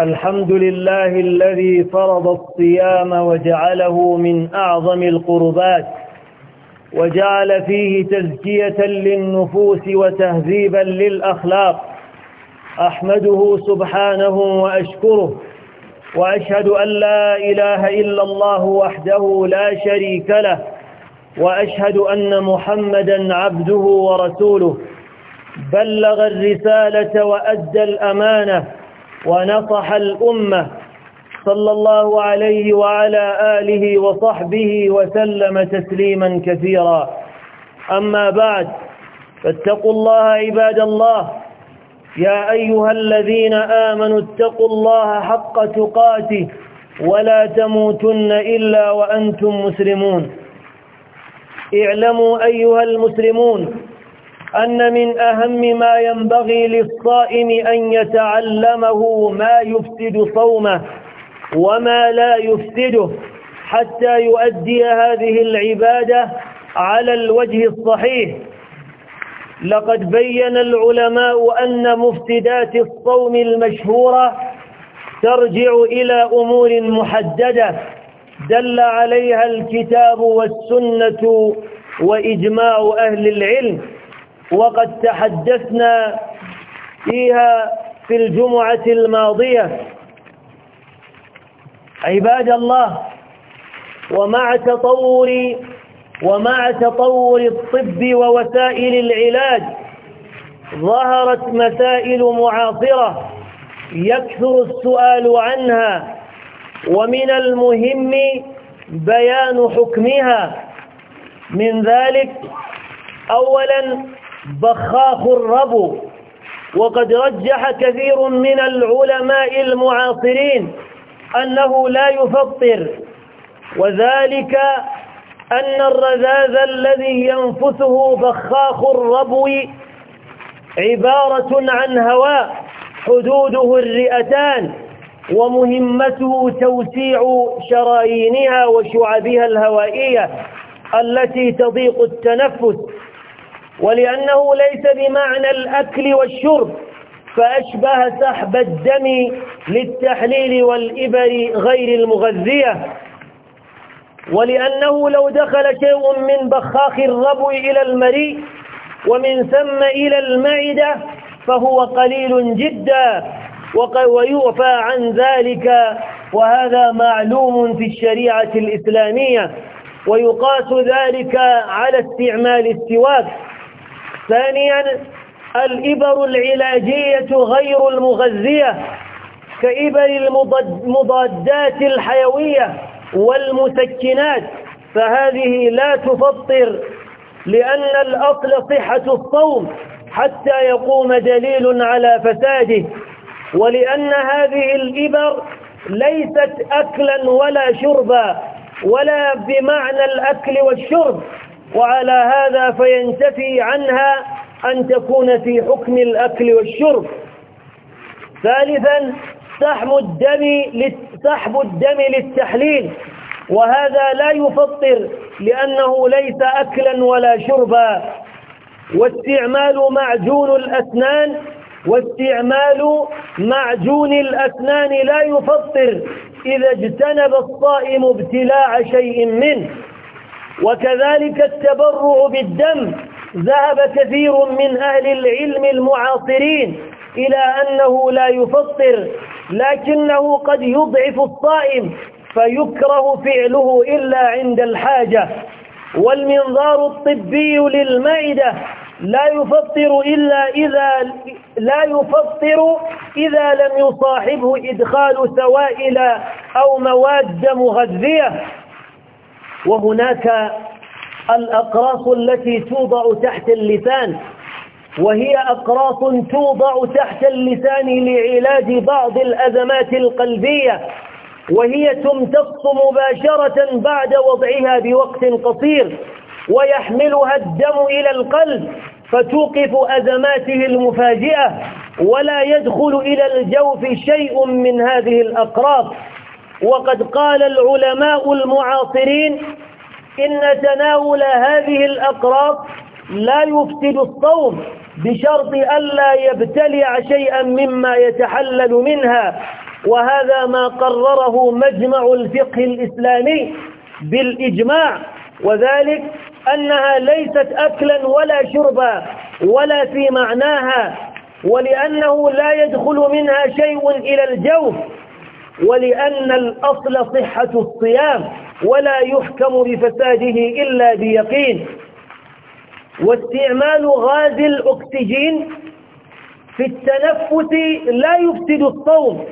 الحمد لله الذي فرض الصيام وجعله من أعظم القربات وجعل فيه تزكية للنفوس وتهذيبا للأخلاق أحمده سبحانه وأشكره وأشهد أن لا إله إلا الله وحده لا شريك له وأشهد أن محمدا عبده ورسوله بلغ الرسالة وأدى الأمانة ونصح الأمة صلى الله عليه وعلى آله وصحبه وسلم تسليما كثيرا أما بعد فاتقوا الله عباد الله يا أيها الذين آمنوا اتقوا الله حق تقاته ولا تموتن إلا وأنتم مسلمون اعلموا أيها المسلمون أن من أهم ما ينبغي للصائم أن يتعلمه ما يفسد صومه وما لا يفسده حتى يؤدي هذه العبادة على الوجه الصحيح لقد بين العلماء أن مفسدات الصوم المشهورة ترجع إلى أمور محددة دل عليها الكتاب والسنة وإجماع أهل العلم وقد تحدثنا فيها في الجمعة الماضية عباد الله ومع تطور ومع تطور الطب ووسائل العلاج ظهرت مسائل معاصرة يكثر السؤال عنها ومن المهم بيان حكمها من ذلك أولا بخاخ الربو وقد رجح كثير من العلماء المعاصرين أنه لا يفطر وذلك أن الرذاذ الذي ينفثه بخاخ الربو عبارة عن هواء حدوده الرئتان ومهمته توسيع شرايينها وشعبها الهوائية التي تضيق التنفس ولأنه ليس بمعنى الأكل والشرب فأشبه سحب الدم للتحليل والإبر غير المغذية ولأنه لو دخل شيء من بخاخ الربو إلى المريء ومن ثم إلى المعدة فهو قليل جدا ويعفى عن ذلك وهذا معلوم في الشريعة الإسلامية ويقاس ذلك على استعمال السواك ثانيا الإبر العلاجية غير المغذية كإبر المضادات الحيوية والمسكنات فهذه لا تفطر لأن الأصل صحة الصوم حتى يقوم دليل على فساده ولأن هذه الإبر ليست أكلا ولا شربا ولا بمعنى الأكل والشرب وعلى هذا فينتفي عنها أن تكون في حكم الأكل والشرب ثالثا سحب الدم سحب الدم للتحليل وهذا لا يفطر لأنه ليس أكلا ولا شربا واستعمال معجون الأسنان واستعمال معجون الأسنان لا يفطر إذا اجتنب الصائم ابتلاع شيء منه وكذلك التبرع بالدم ذهب كثير من أهل العلم المعاصرين إلى أنه لا يفطر لكنه قد يضعف الصائم فيكره فعله إلا عند الحاجة والمنظار الطبي للمعدة لا يفطر إلا إذا لا يفطر إذا لم يصاحبه إدخال سوائل أو مواد مغذية وهناك الأقراص التي توضع تحت اللسان وهي أقراص توضع تحت اللسان لعلاج بعض الأزمات القلبية وهي تمتص مباشرة بعد وضعها بوقت قصير ويحملها الدم إلى القلب فتوقف أزماته المفاجئة ولا يدخل إلى الجوف شيء من هذه الأقراص وقد قال العلماء المعاصرين إن تناول هذه الأقراط لا يفسد الصوم بشرط ألا يبتلع شيئا مما يتحلل منها وهذا ما قرره مجمع الفقه الإسلامي بالإجماع وذلك أنها ليست أكلا ولا شربا ولا في معناها ولأنه لا يدخل منها شيء إلى الجوف ولأن الأصل صحة الصيام ولا يحكم بفساده إلا بيقين واستعمال غاز الأكسجين في التنفس لا يفسد الصوم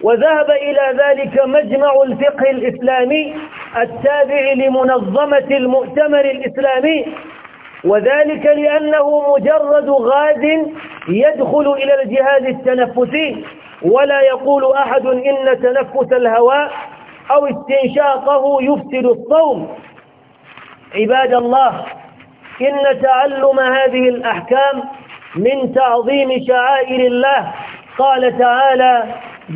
وذهب إلى ذلك مجمع الفقه الإسلامي التابع لمنظمة المؤتمر الإسلامي وذلك لأنه مجرد غاز يدخل إلى الجهاز التنفسي ولا يقول أحد إن تنفس الهواء أو استنشاقه يفسد الصوم عباد الله إن تعلم هذه الأحكام من تعظيم شعائر الله قال تعالى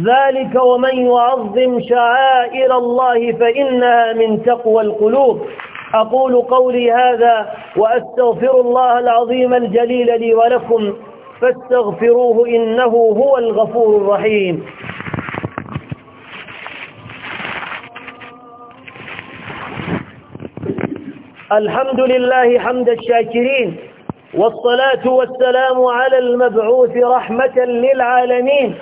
ذلك ومن يعظم شعائر الله فإنها من تقوى القلوب أقول قولي هذا وأستغفر الله العظيم الجليل لي ولكم فاستغفروه إنه هو الغفور الرحيم الحمد لله حمد الشاكرين والصلاة والسلام على المبعوث رحمة للعالمين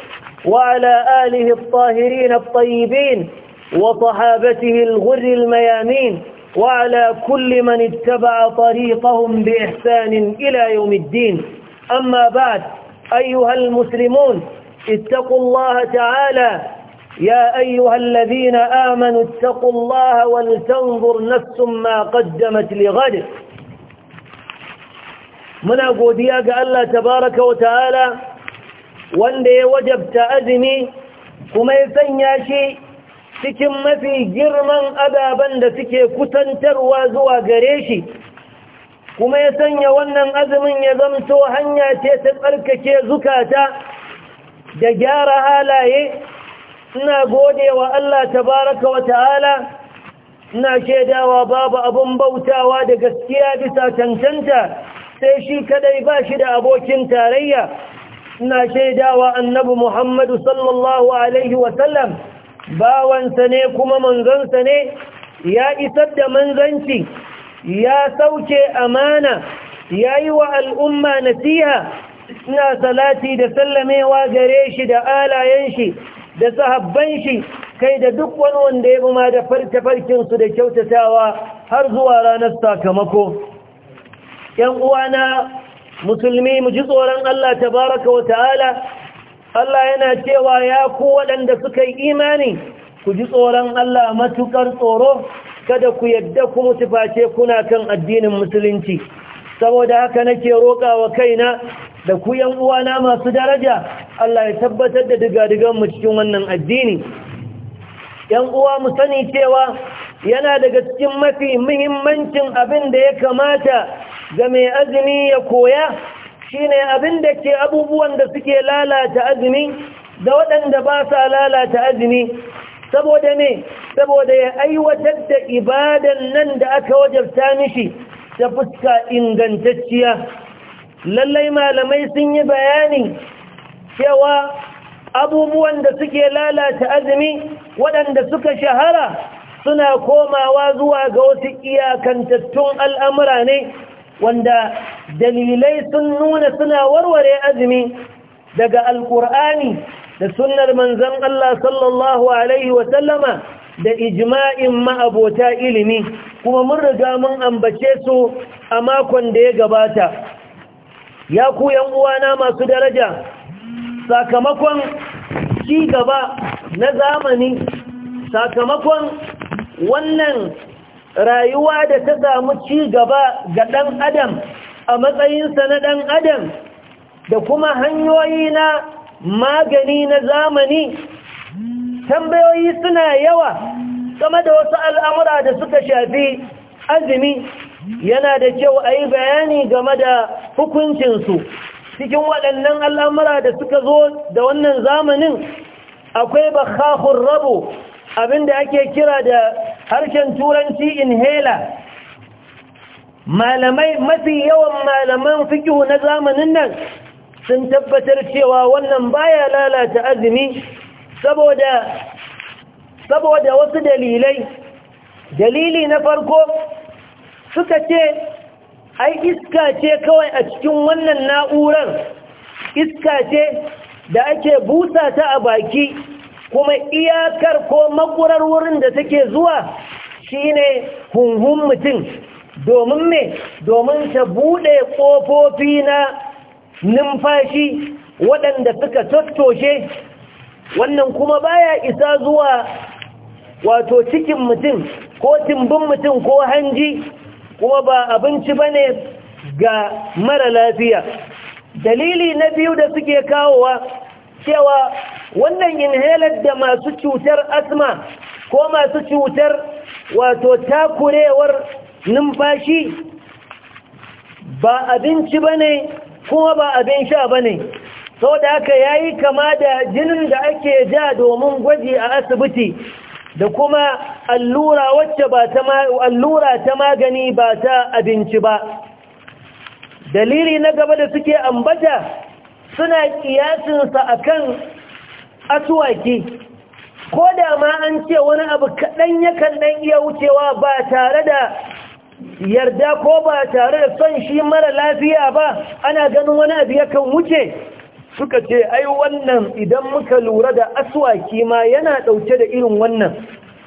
وعلى آله الطاهرين الطيبين وصحابته الغر الميامين وعلى كل من اتبع طريقهم بإحسان إلى يوم الدين أما بعد أيها المسلمون اتقوا الله تعالى يا أيها الذين آمنوا اتقوا الله ولتنظر نفس ما قدمت لغد من أقول أقودياك الله تبارك وتعالى واندي وجب تأذني كما يفنياشي ما في جرما أبا بند سكي كتنتر وازوا قريشي kuma ya sanya wannan azumin ya zamto hanya ce ta tsarkake zukata da gyara halaye ina gode wa Allah tabaraka wa ta'ala ina shaidawa babu abun bautawa da gaskiya bisa cancanta sai shi kadai ba shi da abokin tarayya ina shaidawa annabi Muhammadu sallallahu alaihi Wasallam, bawansa ne kuma manzonsa ne ya isar da manzanci ya sauke amana ya yi wa al'umma nasiha ina salati da sallamewa gare shi da alayen shi da sahabban shi kai da duk wani wanda ya ma da farkinsu da kyautatawa har zuwa ranar sakamako ‘yan uwana musulmi mu ji tsoron Allah tabaraka wa ta'ala Allah yana cewa ya ku waɗanda suka yi imani ku ji tsoron Allah matuƙar tsoro kada ku yadda ku mutu kuna kan addinin musulunci saboda haka nake roƙa wa kaina da ku yan uwana masu daraja Allah ya tabbatar da digadigan mu cikin wannan addini yan uwa mu sani cewa yana daga cikin mafi muhimmancin abin da ya kamata ga mai azumi ya koya shine abin da ke abubuwan da suke lalata azumi da waɗanda ba sa lalata azumi saboda ne saboda ya aiwatar da ibadan nan da aka wajabta mishi ta fuska ingantacciya lallai malamai sun yi bayani cewa abubuwan da suke lalata azumi waɗanda suka shahara suna komawa zuwa ga wasu iyakantattun al'amura ne wanda dalilai sun nuna suna warware azumi daga alkur'ani da sunnar manzan Allah sallallahu Alaihi wasallama da ijma'in ma'abota ilimi kuma mun riga mun ambace su a makon da ya gabata ya ku yan uwana masu daraja sakamakon ci gaba na zamani sakamakon wannan rayuwa da ta samu ci gaba ga ɗan adam a matsayinsa na ɗan adam da kuma hanyoyi na magani na zamani tambayoyi suna yawa game da wasu al'amura da suka shafi azumi yana da kyau a yi bayani game da hukuncinsu cikin waɗannan al'amura da suka zo da wannan zamanin akwai bakhahun rabo abinda ake kira da harshen turanci Inhela, malamai mafi yawan malaman fikihu na zamanin nan sun tabbatar cewa wannan baya lalata azumi saboda saboda wasu dalilai dalili na farko suka ce ai iska ce kawai a cikin wannan na'urar iska ce da ake busa ta a baki kuma iyakar ko makurar wurin da take zuwa shine hunhun mutum domin me domin ta bude kofofi na numfashi waɗanda suka tattoshe wannan kuma baya isa zuwa wato cikin mutum ko timbin mutum ko hanji kuma ba abinci bane ga mara lafiya dalili na biyu da suke kawowa cewa wannan inhaler da masu cutar asma ko masu cutar wato takurewar numfashi ba abinci bane kuma ba abin sha bane sau da aka yi kama da jinin da ake ja domin gwaji a asibiti da kuma allura wacce ba ta allura ta magani ba ta abinci ba dalili na gaba da suke ambata suna kiyasinsa akan asuwaki ko da ma an ce wani abu kaɗan yakan nan iya wucewa ba tare da yarda ko ba tare da son shi mara lafiya ba ana ganin wani abu yakan wuce suka ce ai wannan idan muka lura da aswaki ma yana ɗauke da irin wannan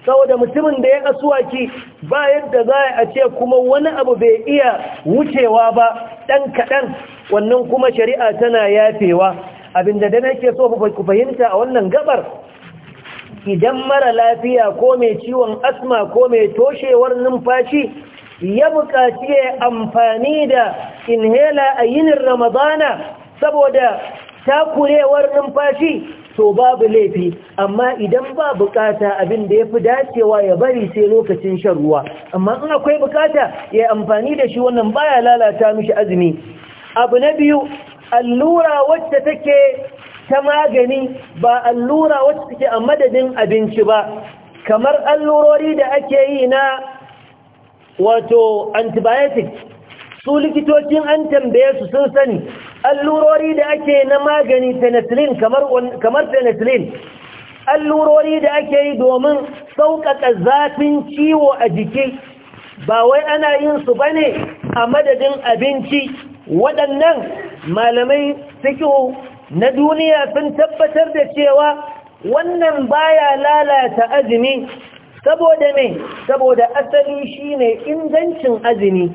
saboda mutumin da ya aswaki ba yadda za a ce kuma wani abu bai iya wucewa ba ɗan kaɗan wannan kuma shari'a tana yafewa Abin da nake so ku fahimta a wannan gabar idan mara lafiya ko mai ciwon asma ko mai toshewar numfashi ya buƙaci amfani da inhela a yinin ramadana saboda takurewar numfashi to babu laifi amma idan ba bukata abin da ya fi dacewa ya bari sai lokacin shan ruwa amma in akwai bukata ya amfani da shi wannan baya lalata mishi azumi abu na biyu allura wacce take ta magani ba allura wacce take a madadin abinci ba kamar allurori da ake yi na wato antibiotics su likitocin an tambaye su sun sani allurori da ake na magani penicillin kamar penicillin allurori da ake yi domin sauƙaƙa zafin ciwo a jiki ba wai ana yin su ba ne a madadin abinci waɗannan malamai fikihu na duniya sun tabbatar da cewa wannan baya lalata azumi saboda me saboda asali shine ingancin azumi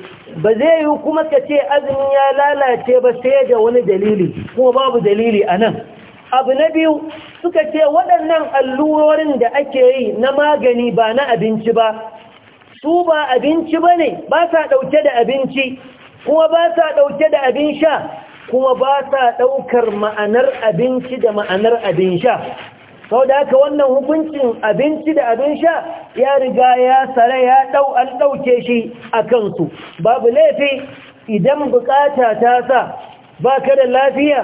ba zai yi kuma ka ce azumi ya lalace ba sai da wani dalili kuma babu dalili a nan abu na biyu suka ce waɗannan allurorin da ake yi na magani ba na abinci ba su ba abinci ba ne ba sa ɗauke da abinci kuma ba sa ɗauke da abin sha kuma ba sa ɗaukar ma'anar abinci da ma'anar abin sha sau da haka wannan hukuncin abinci da abin sha ya riga ya sare ya ɗau an ɗauke shi a kansu babu laifi idan bukata ta sa ba ka da lafiya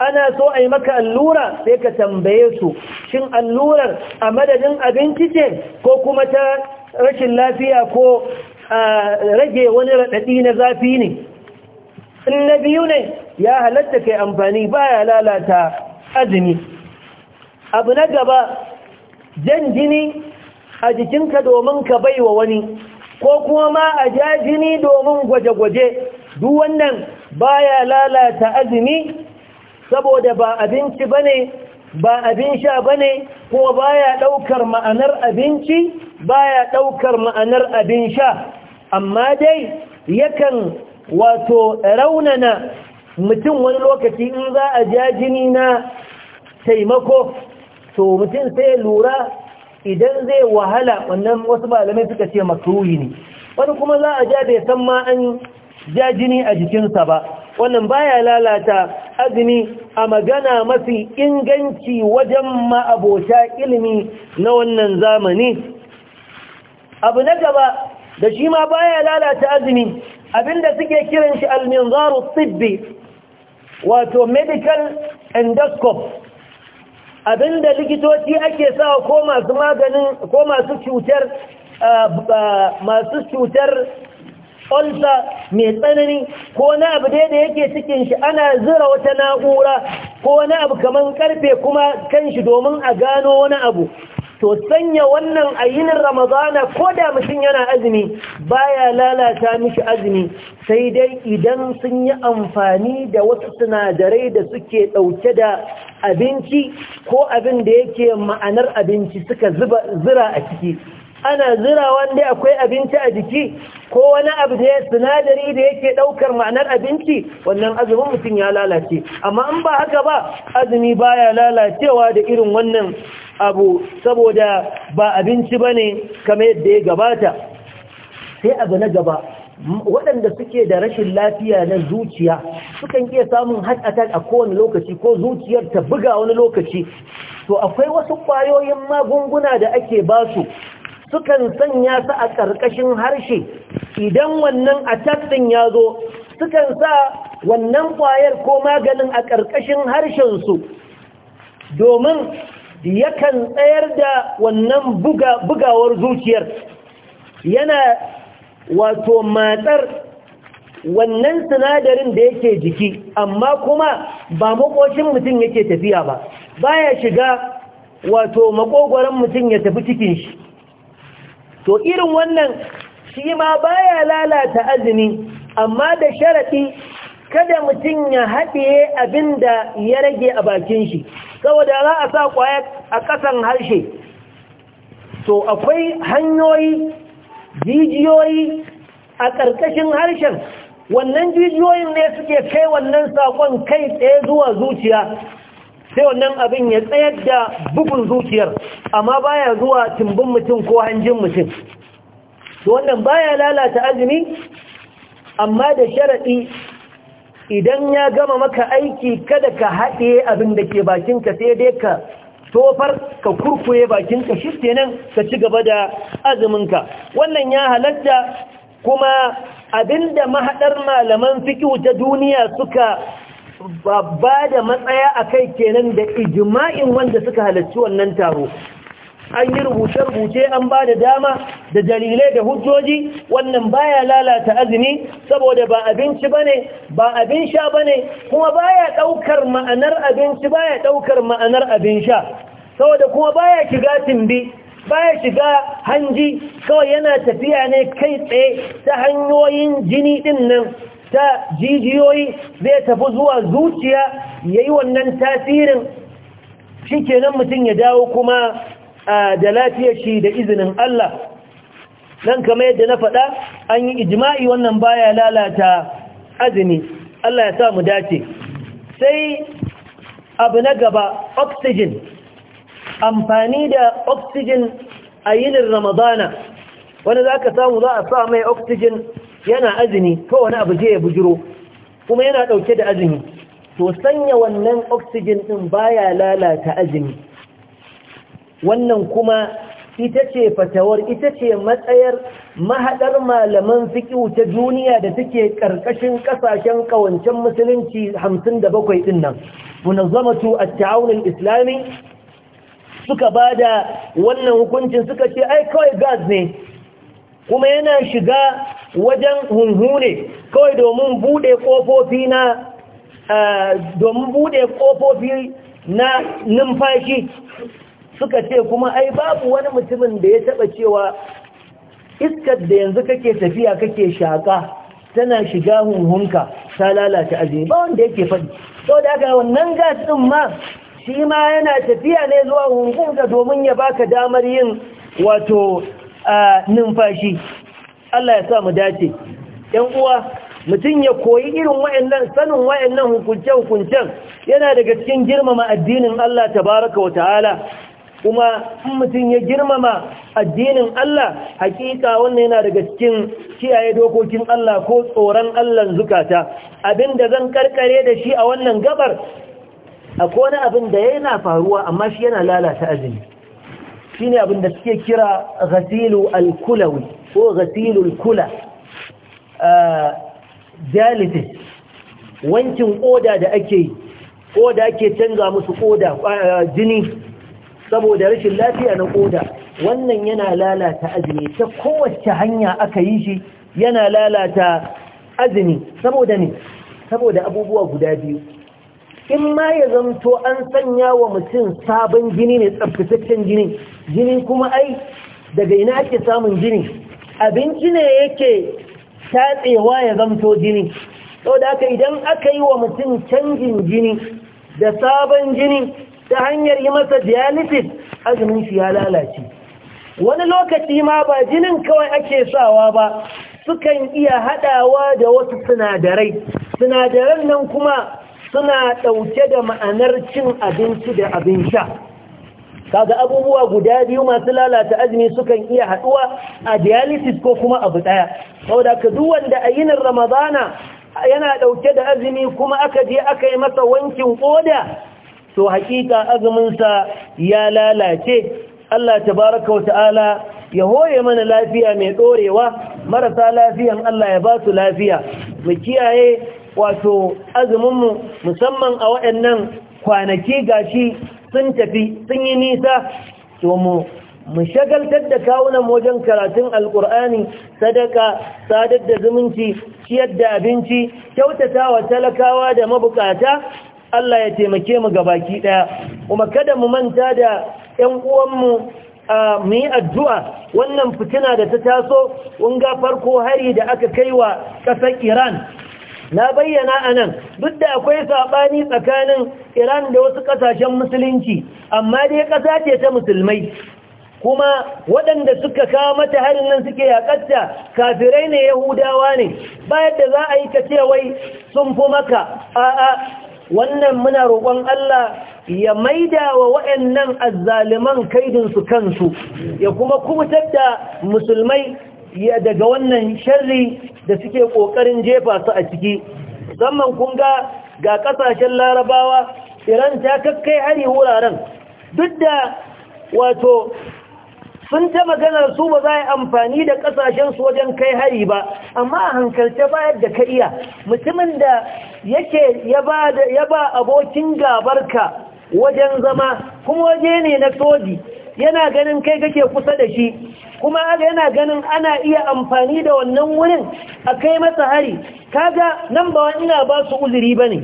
ana so a yi maka allura sai ka tambaye su shin allurar a madadin abinci ce ko kuma ta rashin lafiya ko a rage wani raɗaɗi na zafi ne in na biyu ne ya halatta kai amfani ba ya lalata azumi abu na gaba jan jini a jikinka domin ka bai wa wani ko kuma ma a ja jini domin gwaje-gwaje duk wannan baya lalata azumi saboda ba abinci ne ba abin sha bane kuma baya daukar ma'anar abinci baya ɗaukar ma'anar abin sha amma dai yakan wato raunana mutum wani lokaci in za a ja jini na taimako so mutum sai lura idan zai wahala wannan wasu malamai suka ce makruhi ne wani kuma za a ja bai san ma an ja jini a jikinsa ba wannan baya lalata azumi a magana mafi inganci wajen ma'abota ilimi na wannan zamani abu na gaba da shi ma baya lalata azumi abinda suke kiran shi alminzaru tibbi wato medical endoscope abinda likitoci ake sawa ko masu maganin ko masu cutar masu cutar olsa mai tsanani ko wani abu dai da yake cikin shi ana zira wata na'ura ko wani abu kamar karfe kuma kan shi domin a gano wani abu to sanya wannan a ramadana ko da mutum yana azumi baya lalata mishi azumi sai dai idan sun yi amfani da wasu sinadarai da suke ɗauke da abinci ko abin da yake ma'anar abinci suka zira a ciki ana zira wanda akwai abinci a jiki ko wani abu da ya sinadari da yake daukar ma'anar abinci wannan azumin mutum ya lalace amma in ba haka ba azumi baya lalacewa da irin wannan abu saboda ba abinci bane kamar yadda ya gabata sai abu na gaba waɗanda suke da rashin lafiya na zuciya sukan iya samun heart attack a kowane lokaci ko zuciyar ta buga wani lokaci to akwai wasu ƙwayoyin magunguna da ake basu sukan sanya su a ƙarƙashin harshe idan wannan a ɗin ya zo sukan sa wannan ƙwayar ko maganin a ƙarƙashin harshensu domin yakan tsayar da wannan bugawar zuciyar yana wato matsar wannan sinadarin da yake jiki amma kuma ba makoshin mutum yake tafiya ba baya shiga wato makogoron mutum ya tafi cikin shi to irin wannan shi ma baya lalata azumi amma da sharadi kada mutum ya haɗe abinda ya rage a bakin shi saboda za a sa kwaya a ƙasan harshe to akwai hanyoyi jijiyoyi a ƙarƙashin harshen wannan jijiyoyin ne suke kai wannan saƙon kai tsaye zuwa zuciya sai wannan abin ya tsayar da bugun zuciyar amma baya zuwa tumbin mutum ko hanjin mutum to wannan baya lalata azumi amma da sharadi idan ya gama maka aiki kada ka haɗe abin da ke bakinka sai dai ka tofar ka kurkuye bakinka shi kenan ka ci gaba da azuminka wannan ya halatta kuma abinda mahaɗar malaman fikihu ta duniya suka ba da matsaya a kai kenan da ijima'in wanda suka halarci wannan taro an yi rubuce-rubuce an ba da dama da dalilai da hujjoji wannan baya lalata azumi saboda ba abinci ba ne, ba abin sha ba ne, kuma baya ɗaukar ma'anar abinci baya ɗaukar ma'anar abin sha saboda kuma baya shiga timbi baya shiga hanji kawai yana tafiya ne kai tsaye ta hanyoyin jini din nan ta jijiyoyi zai tafi zuwa zuciya yayi wannan tasirin kenan mutum ya dawo kuma da lafiyar shi da izinin Allah nan kamar yadda na faɗa an yi ijma'i wannan baya lalata azumi Allah ya sa mu dace sai abu na gaba oxygen amfani da oxygen a yinin ramadana wani za ka samu za a sa mai oxygen yana azumi ko wani abu je ya bujiro kuma yana dauke da azumi to sanya wannan oxygen din baya lalata azumi wannan kuma ita ce fatawar ita ce matsayar mahadar malaman fiqh ta duniya da take karkashin kasashen kawancen musulunci 57 din nan munazzamatu at-ta'awun al-islami suka bada wannan hukuncin suka ce ai kawai gas ne kuma yana shiga wajen hunhune kawai domin bude kofofi na domin bude kofofi na numfashi suka ce kuma ai babu wani mutumin da ya taba cewa iskar da yanzu kake tafiya kake shaka tana shiga hunhunka ta lalata azumi ba wanda yake faɗi sau da aka wannan gas ɗin ma shi ma yana tafiya ne zuwa hunhunka domin ya baka damar yin wato a numfashi Allah ya sa mu dace ‘yan uwa mutum ya koyi irin wa'yannan sanin wa'yannan hukunce-hukuncen yana daga cikin girmama addinin Allah tabaraka wa ta'ala kuma in mutum ya girmama addinin Allah hakika wannan yana da cikin kiyaye dokokin Allah ko tsoron Allah zukata abinda zan karkare da shi a wannan gabar a wani abin da yana faruwa amma shi yana lalata azumi shine abin da suke kira ghasilu al-kulawi ko ghasilu al-kula jalibi eh, wankin koda da ake yi koda ake canza musu koda eh, jini saboda rashin lafiya na koda wannan yana lalata azumi ta kowace hanya aka yi shi yana lalata azumi saboda ne saboda abubuwa guda biyu in ma ya zanto an sanya wa mutum sabon jini ne tsaftataccen jini jini kuma ai daga ina ake samun jini abinci ne yake tatsewa ya zanto jini sau da aka idan aka yi wa mutum canjin jini da sabon jini ta hanyar yi masa dialysis azumin shi ya lalace wani lokaci ma ba jinin kawai ake sawa ba sukan iya hadawa da wasu sinadarai sinadaran nan kuma suna ɗauke da ma'anar cin abinci da abin sha kaga abubuwa guda biyu masu lalata azumi sukan iya haɗuwa a dialysis ko kuma abu ɗaya saboda ka duk wanda a yinin ramadana yana ɗauke da azumi kuma aka je aka yi masa wankin ƙoda to hakika azuminsa ya lalace Allah tabaraka wata'ala ya hoye mana lafiya mai ɗorewa marasa lafiyan Allah ya ba su lafiya mu kiyaye wato azuminmu musamman a waɗannan kwanaki gashi sun tafi sun yi nisa to mu shagaltar da kawunan wajen karatun alkur'ani sadaka sadar da zumunci ciyar da abinci kyautata wa talakawa da mabukata Allah ya taimake mu ga baki ɗaya. kuma kada mu manta da 'yan uwanmu a mu yi addu'a wannan fitina da ta taso kun farko hari da aka kai wa ƙasar Iran na bayyana a nan duk da akwai saɓani tsakanin iran da wasu ƙasashen musulunci amma dai ƙasa ce ta musulmai kuma waɗanda suka kawo mata harin nan suke yaƙatta kafirai ne yahudawa ne bayan da za a yi ce wai sun fi maka a'a wannan muna roƙon Allah ya maida wa waɗannan azzaliman kaidinsu kansu ya kuma kubutar da musulmai daga wannan sharri da suke ƙoƙarin jefa su a ciki musamman kun ga ƙasashen larabawa iran ta kakkai hari wuraren duk da wato sun ta maganar su ba za a yi amfani da ƙasashen su wajen kai hari ba amma a hankalce bayar da ka iya mutumin da yake ya ba abokin gabarka wajen zama kuma waje ne na soji yana ganin kai kake kusa da shi kuma haka yana ganin ana iya amfani da wannan wurin a kai masa hari kaga nan ba ina ba su uzuri bane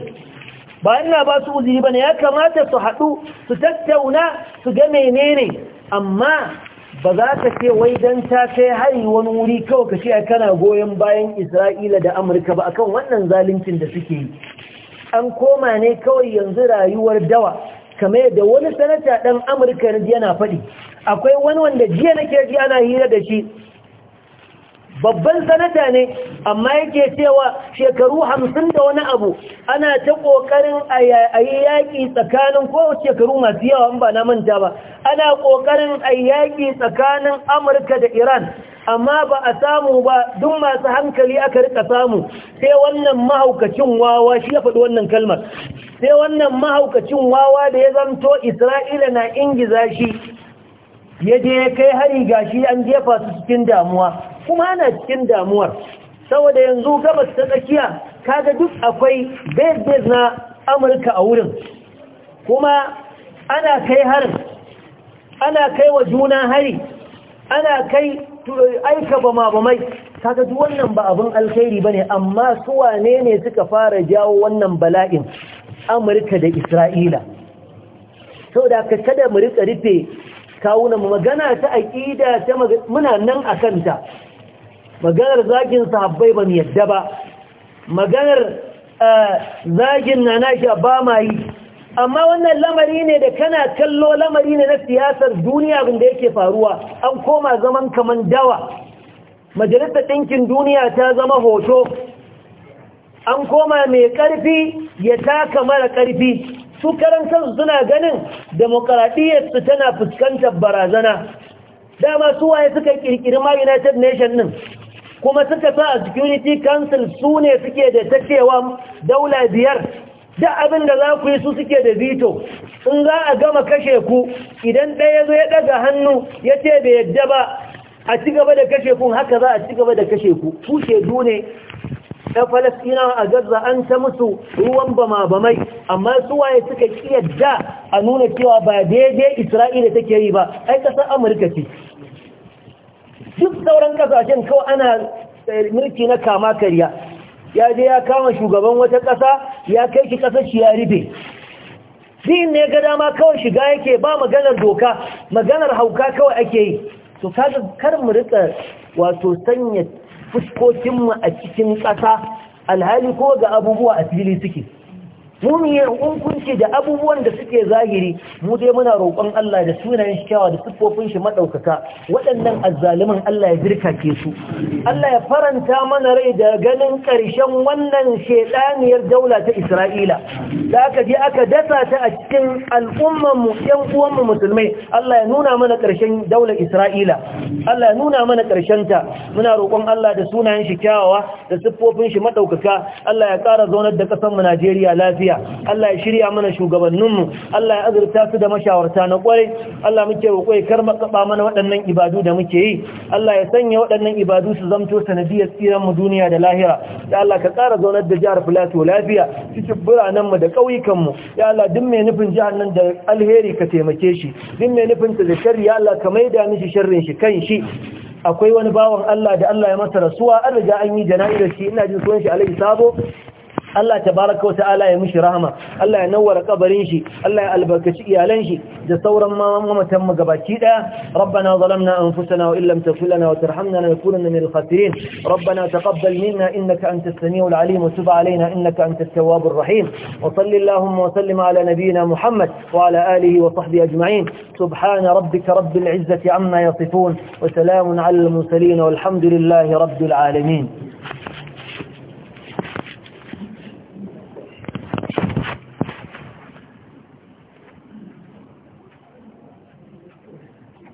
ba ina ba su uzuri bane ya kamata su haɗu su tattauna su ga menene amma ba za ka ce wai dan ta kai hari wani wuri kawai ka ce kana goyon bayan Isra'ila da Amurka ba akan wannan zaluncin da suke yi an koma ne kawai yanzu rayuwar dawa kamar da wani sanata ɗan amurka yana faɗi akwai wani wanda jiya nake ji ana hira da shi babban sanata ne amma yake cewa shekaru hamsin da wani abu ana ta ƙoƙarin a yi tsakanin ko shekaru masu yawa ba na manta ba ana ƙoƙarin a yaƙi tsakanin amurka da iran amma ba a samu ba duk masu hankali aka rika samu sai wannan mahaukacin wawa shi ya faɗi wannan kalmar sai wannan mahaukacin wawa da ya zanto isra'ila na ingiza shi ya kai hari gashi an jefa su cikin damuwa kuma ana cikin damuwar saboda yanzu gabas ta tsakiya kaga duk akwai base base na amurka a wurin kuma ana kai harin ana kai wa juna hari ana kai aika ba mai, kaga duk wannan ba abin alkhairi bane amma su wane ne suka fara jawo wannan bala'in amurka da isra'ila saboda ka kada mu rika rufe kawunan magana ta aƙida ta muna nan a kanta maganar zagin sahabbai ba mu yadda ba maganar eh, zagin na nashi ba ma yi amma wannan lamari ne da kana kallo lamari ne na siyasar duniya abin da yake faruwa an koma zaman kaman dawa majalisar ɗinkin duniya ta zama hoto an koma mai ƙarfi ya taka mara ƙarfi su karantar suna ganin su tana fuskantar barazana dama su waye suka ƙirƙiri ma united nation din kuma suka sa a security council su ne suke da tacewa daula biyar da abin da za ku yi su suke da veto in za a gama kashe ku idan ɗaya zo ya ɗaga hannu ya ce bai yadda ba a ci gaba da kashe ku haka za a ci gaba da kashe ku ku ke ne ta falastina a gaza an ta musu ruwan bama bamai amma suwaye suka ƙi yadda a nuna cewa ba daidai isra'ila take yi ba ai kasar amurka ce duk sauran kasashen kawai ana eh, mulki na kama karya ya je ya kama shugaban wata ƙasa ya kai shi ƙasar shi ya rufe din ne ga dama kawai shiga yake ba maganar doka maganar hauka kawai ake yi to kaga kar mu rika wato sanya fuskokinmu a cikin ƙasa alhali ko ga abubuwa a fili suke mumiye hukunci da abubuwan da suke zahiri mu dai muna roƙon Allah da sunayen shi kyawa da siffofin shi madaukaka waɗannan azzalumin Allah ya ke su Allah ya faranta mana rai da ganin ƙarshen wannan shedaniyar daula ta Isra'ila da aka je aka dasa ta a cikin al'umman mu uwan mu musulmai Allah ya nuna mana ƙarshen daular Isra'ila Allah ya nuna mana ƙarshen ta muna roƙon Allah da sunayen shi kyawawa da siffofin shi madaukaka Allah ya ƙara zaunar da ƙasar mu Najeriya lafiya lafiya Allah ya shirya mana shugabanninmu Allah ya azurta su da mashawarta na kwarai Allah muke roƙoi kar mu kaba mana waɗannan ibadu da muke yi Allah ya sanya waɗannan ibadu su zamto sanadiyar tsiran mu duniya da lahira ya Allah ka tsara zaunar da jihar Filato lafiya cikin buranan mu da ƙauyukan mu ya Allah duk mai nufin jihar nan da alheri ka taimake shi duk mai nufin ta da sharri ya Allah ka maida mishi sharrin shi kan shi akwai wani bawan Allah da Allah ya masa rasuwa an riga an yi jana'izar shi ina jin sunan shi alai Sabo Allah tabaraka wa ta'ala ya mishi rahama Allah ya nawwara kabarin shi Allah ya albarkaci iyalan shi da sauran mamatan mu gabaki daya rabbana zalamna anfusana wa illam taghfir lana wa tarhamna lanakunanna minal khasirin rabbana taqabbal minna innaka antas samiul alim wa tub alaina innaka antat tawwabur rahim wa salli allahumma wa sallim ala nabiyyina muhammad wa ala alihi wa sahbihi ajma'in subhana rabbika rabbil izzati amma yasifun wa salamun ala al mursalin والحمد لله رب العالمين